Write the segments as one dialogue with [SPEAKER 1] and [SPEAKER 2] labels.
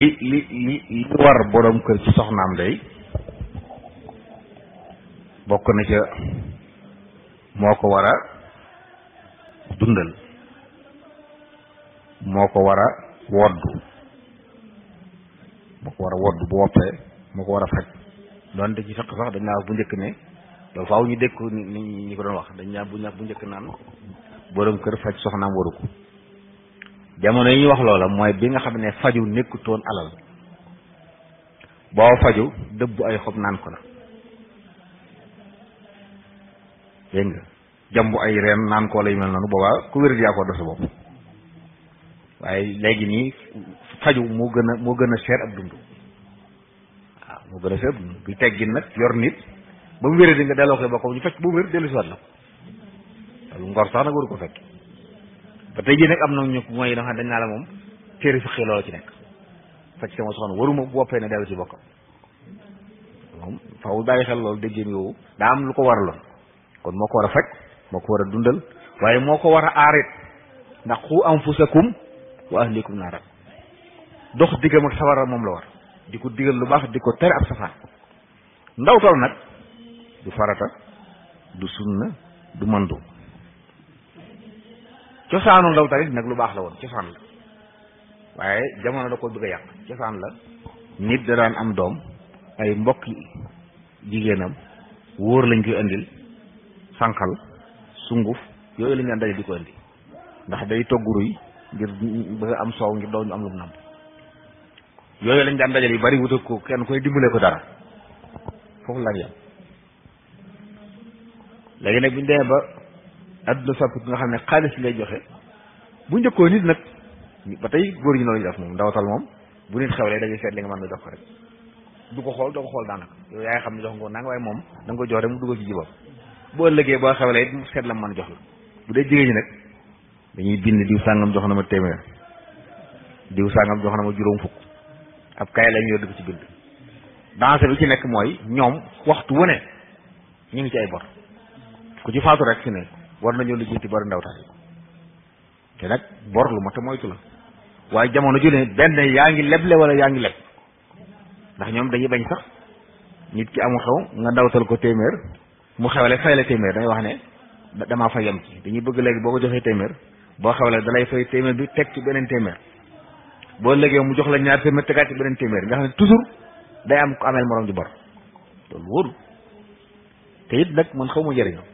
[SPEAKER 1] li li li li war borom kër ci soxnaam day bokk na ca moo ko war a dundal moo ko war a woddu moo ko war a woddu bu woppee moo ko war a faj doonte ci fekk sax dañ naa wax bu njëkk ne loolu faaw ñu dégg ko ni ñi ko doon wax dañ naa bu ñax bu njëkk naan borom kër faj soxnaam waru jamono yi ñu wax loola mooy bi nga xam ne faju toon alal boo faju dëbb ay xob naan ko la dégg nga ay reen naan ko lay mel noonu boobaa ku wér di yaa bopp waaye léegi nii faju moo gën a moo gën a seer ab dund waaw moo gën a seer ab dund bi teggin nag yor nit ba mu wéree nga delloo koy bokkam ñu faj ba mu wér dellu si waat la loolu ngor nag waru ko fekk ba tey am na ñu mooy dañu xam dañ naa la moom téere fiqi loolu ci nekk fekk sama soxna waruma boppee ne dellu ci bokkam moom faaw bàyyi xel loolu déggéem yoowu daa am lu ko waraloon kon moo ko war a faj moo ko war a dundal waaye moo ko war a aarit ndax xu anfusakum wa ahlikum naaran dox diggam ak sawara moom la war di ko digal lu baax di ko tere ab safaan ndawtal nag du farata du sunna du mandu cosaanu ndaw talit nag lu baax la woon cosaan la waaye jamono da ko bëgg yàq cosaan la nit da daan am doom ay mbokki jigéenam wóor lañ koy andil sànqal sunguf yooyu lañ daan dajale di ko andi ndax day togguru yi ngir bëgg am soow ngir doom ñu am lu mu nàmp yooyu lañ daan dajale yu bari wutal ko kenn koy dimbalee ko dara foofu lañ yam léegi nag bu ñu demee ba adduna soppi nga xam ne xaalis ngay joxe bu njëkkoo nit nag ba tey góor yi noonu la ñu def moom moom bu nit xewlee dañuy seet li nga mën du ko xool doo xool daanaka yow xam ne jox nga nanga waaye moom da ko jox mu dugg ci jibam bu boo xewlee it mu seet la mën jox la bu nag dañuy bind diw sàngam jox na ma téeméer diw sàngam jox na ma juróom fukk ab kaay la ñu yor di ko ci nekk mooy ñoom waxtu wu ñu ngi ci ay bor ku ci faatu rek fi ne war nañoo lijjanti bor ndaw tax te nag bor lu mat a moytu la waaye jamono ju ne benn yaa ngi leble wala yaa ngi leb ndax ñoom dañuy bañ sax nit ki amu xew nga ndawtal ko téeméer mu xew xewle fay la téeméer day wax ne damaa fa yem ci dañuy bëgg léegi boo ko joxee téeméer boo xewle dalay fay téeméer bi teg ci beneen téeméer boo léegi mu jox la ñaar téeméer tegaat ci beneen téeméer nga xam ne toujours day am ko ameel morom ji bor loolu wóoru te it nag man xaw ma jëriñoo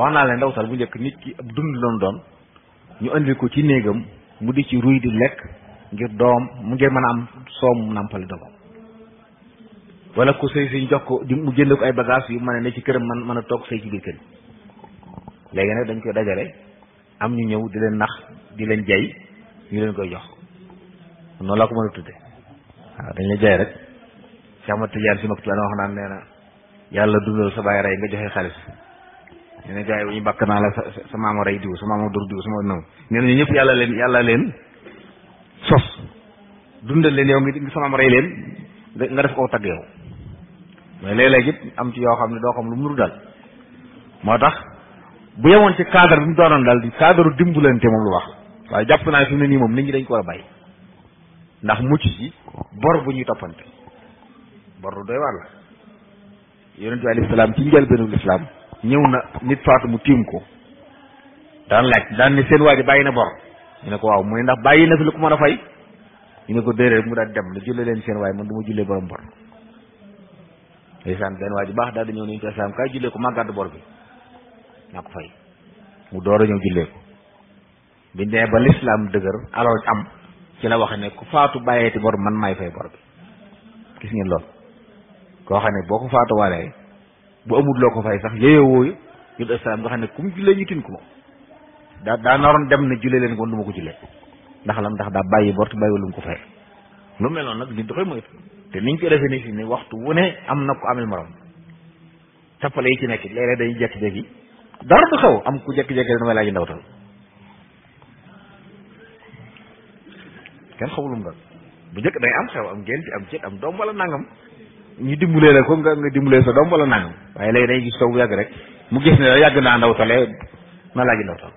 [SPEAKER 1] wax naa leen ndaw sal bu njëkk nit ki ab dund doon doon ñu indi ko ci néegam mu di ci ruy di lekk ngir doom mu ngir mën a am soom nàmpale doomam wala ku sëy ñu jox ko di mu jënd ko ay bagage yu mën a ci këram man mën a toog sëy ci biir dañ koy dajale am ñu ñëw di leen nax di leen jay ñu leen koy jox noonu laa ko mën a tudde waaw dañ la jaay rek si amata jaar si mag tu wax naan nee na yàlla dundal sa bàyyi rey nga joxe xaalis nee na gars bu ñu bàkk naa la sa sa maama rey diw sa maama dur diw sa maama naw ñu ñëpp yàlla leen yàlla leen sos dundal leen yow ngi sa maama rey leen nga def ko tagg yow mais léeg-léeg it am ci yoo xam ne doo xam lu mu nuru moo tax bu yemoon ci cadre bi mu doonoon daal di cadre dimbalante moom lu wax waaye jàpp naa fi ne nii moom nit ñi dañ ko a bàyyi ndax mucc ci bor bu ñuy toppante bor lu doy waar la yonent bi alayhi salaam ci njëlbeenu lislaam ñëw na nit faatu mu tiim ko daan laaj daan ni seen waa ji bàyyi na bor ñu ne ko waaw mu ne ndax bàyyi na fi lu ko mën a fay ñu ne ko déedéet mu daal dem ne julle leen seen waay ma jullee borom bor ndeysaan benn waa ji baax daal di ñëw nañu ko islaam kaay ko maa gàddu bor door a ñëw jullee ko bi ba lislaam dëgër alal am ci la wax ne ku faatu bàyyeeti bor man maay fay bor bi gis ngeen loolu koo xam ne boo ko faatuwaalee bu amul loo ko fay sax yéyowooyu ñun islam nga xam ne kum jullee ñu tin ko moom daa daa naroon dem na jullee leen ko du ma ko jullee ndax lam ndax daa bàyyi boo te bàyyi lu mu ko fay lu mel noonu nag nit da koy moytu te niñ koy defee nii fi ne waxtu wu am na ko amee morom tappale yi ci nekk léeg-léeg dañuy jékki-jékki dara du xew am ku jékki-jékki damay laaj ndawtal kenn xawulum nga bu njëkk day am xew am génti am cét am doom wala nangam ñu dimbalee la ko nga nga dimbalee sa doom wala nangam waaye léegi day gis toog bu yàgg rek mu gis ne yàgg naa ndaw tole na laaji ndaw tol